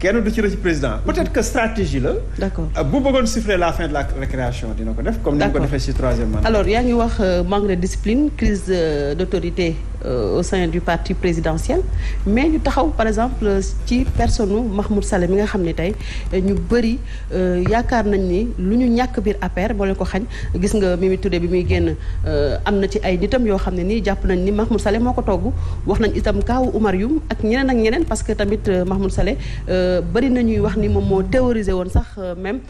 kenn du ci rëcc président peut-être que stratégie la. d'accord euh, bu bëggoon siffler la fin de la récréation dina ko def. comme ni nga ko defee ci troisième mandat. alors yaa ngi wax euh, manque de discipline crise euh, d'autorité Euh, au sein du parti présidentiel mais ñu taxaw par exemple ci personne Mahmoud Saleh mi nga xam ne tey ñu bëri euh, yaakaar nañ ni lu ñu ñàkk biir APR moo leen ko xañ gis nga Mimi Touré bi muy génn euh, am na ci ay nitam yoo xam ne nii jàpp nañ ni Mahmoud Saleh moo ko togg wax nañ itam kaawu Oumar ak ñeneen ak ñeneen parce que tamit Mahmoud Saleh bëri na ñuy wax ni moom moo théorisé woon sax même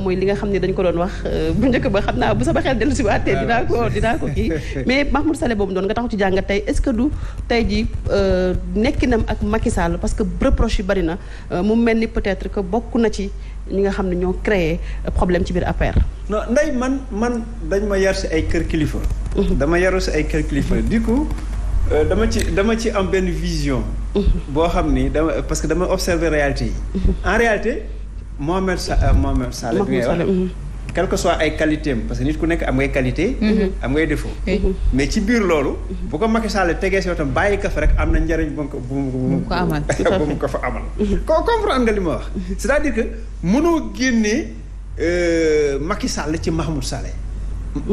mooy li nga xam ne dañ ko doon wax bu njëkk ba xam naa bu sama xel dellu si waatee ah, dinaa ko dinaa ko kii mais Mahmoud Saleh boobu doon nga taxaw ci jàngat est que du tey jii euh, nekkinam ak Macky Sall parce que reproche yi bari na euh, mu mel ni peut-être que bokk na ci ñi nga xam ne ñoo crée problème ci biir APR. non nday man man dañ ma yar si ay kër kilifa. Mhm. dama yaru si ay kër kilifa mhm. du ko euh, dama ci dama ci am benn vision. Mhm. boo xam ni dama parce que dama observer réalité yi. en réalité Mohamed Sa Mohamed Sall bi ngay quel que soit ay qualité parce que nit ku nekk am ngay qualité. Mhm. am ngay défaut. Mhm. mais ci biir loolu. bu ko Macky Sall tegee si watam bàyyi ko rek am na njariñ bu mu ko bu mu ko amal bu mu ko fa amal. koo comprendre nga li ma wax. Mhm. c'est-à-dire que mënoo génnee euh, Macky Sall ci Mahmoud Saleh.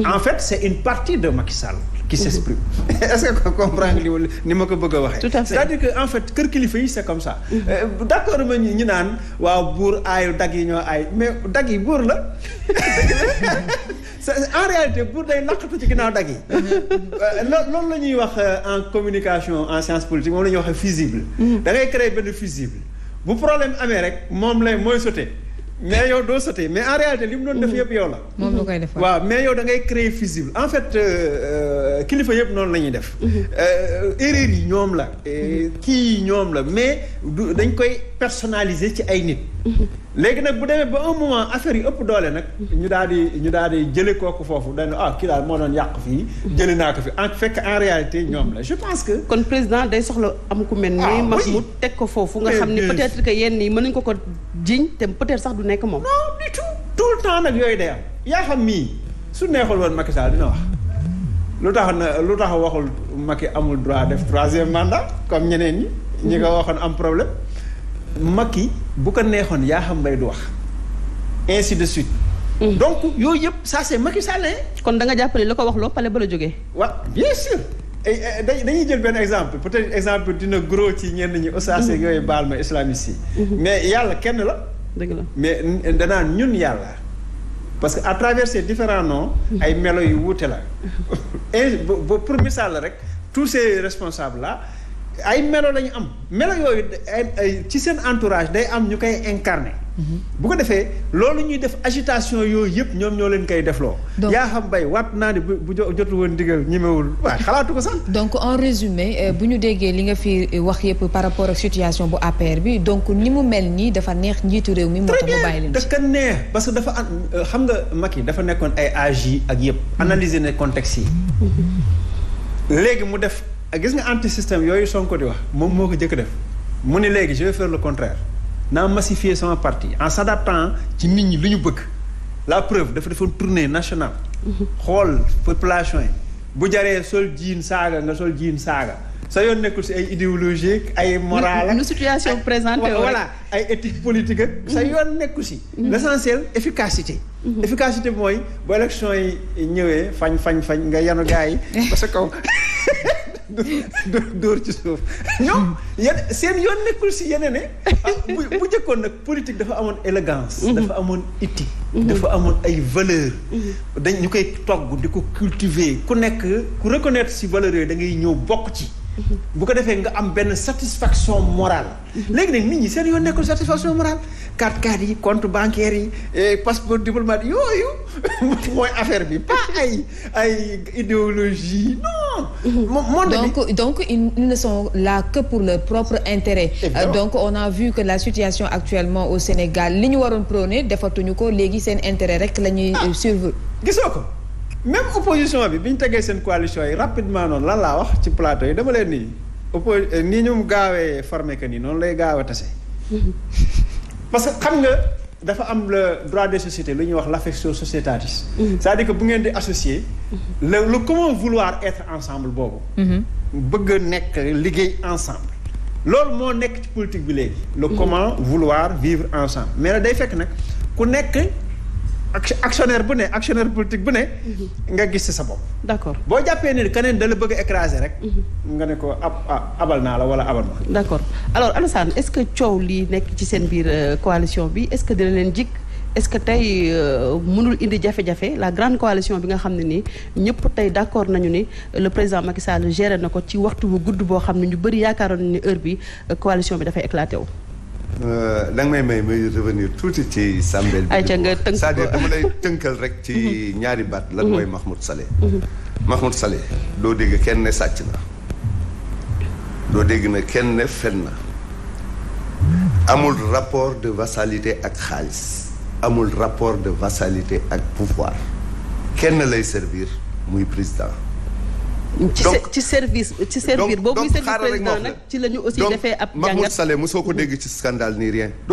en fait c' une partie de Macky Sall. qui s' exprime est ce que comprendre ni ma ko bëgg a waxee. tout à fait c' est à dire que en fait kër kilifa yi c' comme ça. Euh, d' accord ma ñu naan waaw buur aayu dag yi ñoo aay mais dag yi buur la en réalité buur day laqatu ci ginnaaw dag yi. Uh-huh, uh-huh. Euh, loolu la ñuy wax euh, en communication en science politique moom la ñuy wax fusible. Mmh. da ngay créer benn fusible bu problème amee rek moom lay mooy sauté. mais yow doo sauté mais en réalité li mu doon def yëpp yow la. moom lu koy def waaw mais yow dangay ngay créer fusible en fait euh, euh, kilifa yëpp noonu la ñuy def. Mhm. Euh, erreur yi ñoom la. kii yi ñoom la mais du dañ koy personnaliser ci ay nit. léegi nag bu demee ba un moment affaire yi ëpp doole nag. ñu daal di ñu daal di jëlee kooku foofu dañu ah kii daal moo doon yàqu fii. jëlee naa ko fi en fekk en réalité ñoom la je pense que. kon président day soxla am ku mel ni. Ah, Mahmoud teg ko foofu nga xam ne peut-être que yenn yi mën nañu ko ko jiñ te peut-être sax du nekk moom. non tout le temps nag yooyu day am. yaa xam mii su neexul woon Macky Sall dina wax lu tax na lu tax waxul Macky amul droit def troisième mandat comme ñeneen ñi. ñi ko waxoon am problème. Macky bu ko neexoon yaa xam mbay du wax ainsi de suite. Mm. donc yooyu yëpp ça c'est Macky Sall kon da nga jàppale la ko wax loo pale ba la jógee. waaw bien sûr. dañuy jël benn exemple peut-être exemple dina gros ci ñenn ñi mm-hmm. oustaz ak yooyu baal ma islamiste yi mm-hmm. mais yàlla kenn la dëgg la mais danaa ñun yàlla parce que à travers ces différents mm-hmm. ay melo yu wuute la et pour misaal la rek tous ces responsables là ay melo la ñu am melo yooyu ay ci seen entourage day am ñu koy incarné. Mhm. bu ko defee loolu ñuy def agitation yooyu yëpp ñoom ñoo leen koy defloo. yaa xam bay waat naa ne bu bu jotu woon ndigal ñemewul waaw xalaatu ko sax. donc en résumé euh, bu ñu déggee li nga fi wax yëpp par rapport ak situation bu APR bi donc ni mu mel nii dafa neex njiitu réew mi. moo tax mu bàyyi leen ci dafa neex parce que dafa am euh, xam nga yi dafa nekkoon ay AG ak yëpp. Mhm. analyser ne contexte yi. Mhm. léegi mu def. gis nga anti système yooyu Sonko di wax moom moo ko jëkk def mu ne léegi je vais le contraire naa massifier sama parti en s'adaptant ci nit ñi lu ñu bëgg la preuve dafa defoon tournée nationale. xool population yi bu jaree sol jiin saaga nga sol jiin saaga sa yoon nekkul si ay idéologique ay morale nu situation présente voilà ay éthique politique ak sa mm-hmm. yoon nekkul si mm-hmm. l'essentiel efficacité mm-hmm. efficacité mooy bu élection yi ñëwee fañ fañ fañ nga yanu gars yi dóor ci suuf ñoom yan seen yoon nekkul si yeneen ne ah, bu bu njëkkoon nag politique dafa amoon élégance mhm. dafa amoon éthique mhm. dafa amoon ay valeur mhm. dañ ñu koy togg di ko cultiver ku nekk ku reconnaître si valeurs yooyu da ngay ñëw bokk ci bu ko defee nga am benn satisfaction morale. Mhm. léegi nag nit ñi seen yoon nekkul satisfaction morale carte carte yi compte bancaire yi eh, passeport diplomatique yooyu mooy affaire bi pas ay ay idéologie mhm. donc donc ils ne sont là que pour leur propre intérêt. Euh, donc on a vu que la situation actuellement au Sénégal li ñu waroon prôner defatuñu ko léegi seen intérêt rek la ñuy ah. suivre. gisoo ko. même opposition bi bi ñu tegee seen coalition yi rapidement noonu lan laa wax ci plateau yi dama leen nii oppo eh, ni ñum gaawee formé que nii noonu lay gaaw a tase parce que xam nga dafa am le droit des sociétés lu ñuy wax l'affectio sociétatis cest à bu ngeen di associer la le comment vouloir être ensemble boobu mhm. bëgg a nekk liggéey ensemble loolu moo nekk ci politique bi léegi le mhm. comment vouloir vivre ensemble mais nag day fekk nag ku nekk actionnaire bu ne actionnaire politique bu ne. Mhm. nga gis ci sa bopp. d'accord boo jàppee ne keneen da la bëgg a rek. Mhm. nga ne ko ab abal naa la wala abal ma. d'accord alors Alassane est-ce que coow lii nekk ci seen biir euh, coalition bi est-ce que dina leen jig est-ce que tey euh, mënul indi jafe-jafe la grande coalition bi nga xam ne nii ñëpp tey d'accord nañu ni le président Macky Sall géré na ko ci waxtu bu gudd boo xam ne ñu bëri yaakaaroon ni heure bi euh, coalition bi dafay éclaté wu. da nga may may may revenir tuuti ci Sambel bi c'est-à-dire dama lay tënkal rek ci ñaari baat lan mooy Mahmoud Saleh Mahmoud Saleh doo dégg kenn ne sàcc na loo dégg na kenn ne fen na amul rapport de vasalité ak xaalis amul rapport de vassalité ak pouvoir kenn lay servir muy président donc ci service ci servir boobu muy service président nag ci la ñu aussi defee ab jàngat. Mahmoud Saleh mosoo ko dégg ci scandale ni rien.